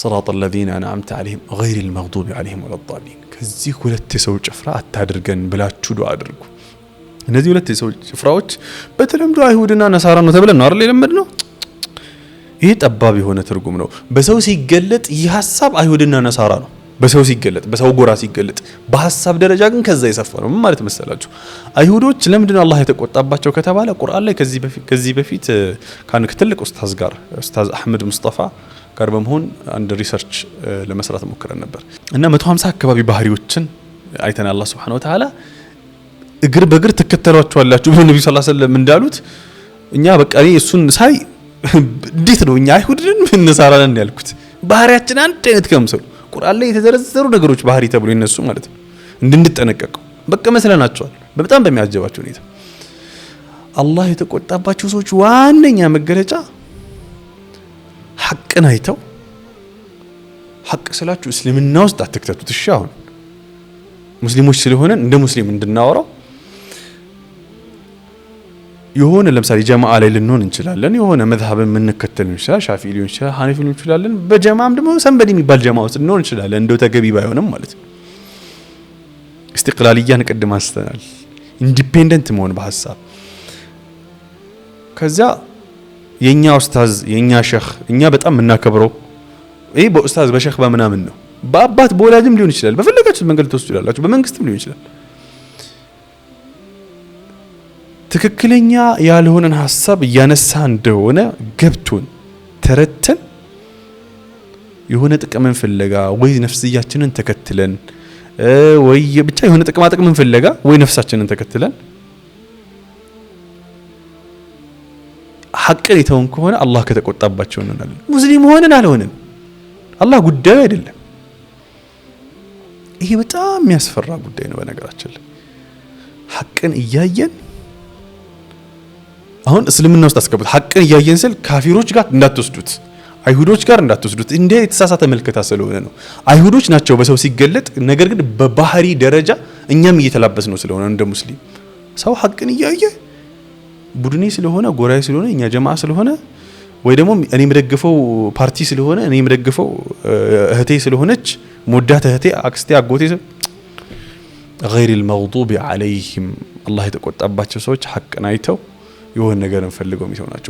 ሰራጥ ለዚነ አንዓምተ ዓለይሂም ገይሪ ልመግዱቢ ዓለይሂም ወለዳሊን። ከዚህ ሁለት የሰው ጭፍራ አታድርገን ብላችሁ ዱዓ አድርጉ። እነዚህ ሁለት የሰው ጭፍራዎች በተለምዶ አይሁድና ነሳራ ነው ተብለን ነው አይደል የለመድ ነው። ይህ ጠባብ የሆነ ትርጉም ነው። በሰው ሲገለጥ ይህ ሀሳብ አይሁድና ነሳራ ነው በሰው ሲገለጥ በሰው ጎራ ሲገለጥ፣ በሀሳብ ደረጃ ግን ከዛ የሰፋ ነው። ምን ማለት መሰላችሁ? አይሁዶች ለምንድን ነው አላህ የተቆጣባቸው ከተባለ ቁርአን ላይ በፊት ከዚህ በፊት ከአንድ ትልቅ ኡስታዝ ጋር ኡስታዝ አህመድ ሙስጠፋ ጋር በመሆን አንድ ሪሰርች ለመስራት ሞክረን ነበር እና 150 አካባቢ ባህሪዎችን አይተን አላህ ስብሐነ ወተዓላ እግር በእግር ትከተሏቸዋላችሁ ብሎ ነቢዩ ሰለላሁ ዐለይሂ ወሰለም እንዳሉት እኛ በቃ እኔ እሱን ሳይ እንዴት ነው እኛ አይሁድን እነሳራ ያልኩት። ባህሪያችን አንድ አይነት ከምሰሉ ቁርአን ላይ የተዘረዘሩ ነገሮች ባህሪ ተብሎ ይነሱ ማለት ነው እንድንጠነቀቁ በቃ መስለናቸዋል። በጣም በሚያጀባቸው ሁኔታ አላህ የተቆጣባቸው ሰዎች ዋነኛ መገለጫ ሐቅን አይተው ሐቅ ስላችሁ እስልምና ውስጥ አትክተቱት። እሺ አሁን ሙስሊሞች ስለሆነን እንደ ሙስሊም እንድናወራው የሆነ ለምሳሌ ጀማዓ ላይ ልንሆን እንችላለን። የሆነ መዝሀብ የምንከተል ይችላል፣ ሻፊ ሊሆን ይችላል፣ ሀነፊ ሊሆን ይችላለን። በጀማም ደግሞ ሰንበድ የሚባል ጀማ ውስጥ ልንሆን እንችላለን። እንደው ተገቢ ባይሆንም ማለት ነው። እስቲቅላልያን ቅድም አንስተናል። ኢንዲፔንደንት መሆን በሀሳብ ከዚያ የኛ ኡስታዝ የኛ ሸህ እኛ በጣም የምናከብረው ይህ በኡስታዝ በሸህ በምናምን ነው። በአባት በወላጅም ሊሆን ይችላል። በፈለጋችሁት መንገድ ልትወስዱ ይላላችሁ። በመንግስትም ሊሆን ይችላል። ትክክለኛ ያልሆነን ሀሳብ እያነሳ እንደሆነ ገብቶን ተረተን የሆነ ጥቅምን ፍለጋ ወይ ነፍስያችንን ተከትለን ወይ ብቻ የሆነ ጥቅማ ጥቅምን ፍለጋ ወይ ነፍሳችንን ተከትለን ሐቅን የተውን ከሆነ አላህ ከተቆጣባቸው እንሆናለን። ሙስሊም ሆነን አልሆንን አላህ ጉዳዩ አይደለም። ይሄ በጣም የሚያስፈራ ጉዳይ ነው። በነገራችን ላይ ሐቅን እያየን አሁን እስልምና ውስጥ አስገቡት። ሐቅን እያየን ስል ካፊሮች ጋር እንዳትወስዱት፣ አይሁዶች ጋር እንዳትወስዱት። እንደ የተሳሳተ መልከታ ስለሆነ ነው። አይሁዶች ናቸው በሰው ሲገለጥ፣ ነገር ግን በባህሪ ደረጃ እኛም እየተላበስ ነው ስለሆነ እንደ ሙስሊም ሰው ሐቅን እያየ ቡድኔ ስለሆነ ጎራዬ ስለሆነ እኛ ጀማ ስለሆነ ወይ ደግሞ እኔ የምደግፈው ፓርቲ ስለሆነ እኔ የምደግፈው እህቴ ስለሆነች ሞዳት እህቴ፣ አክስቴ፣ አጎቴ ገይር ልመግዱቢ አለይህም አላህ የተቆጣባቸው ሰዎች ሀቅን አይተው የሆን ነገር እንፈልገው የሚሰው ናቸው።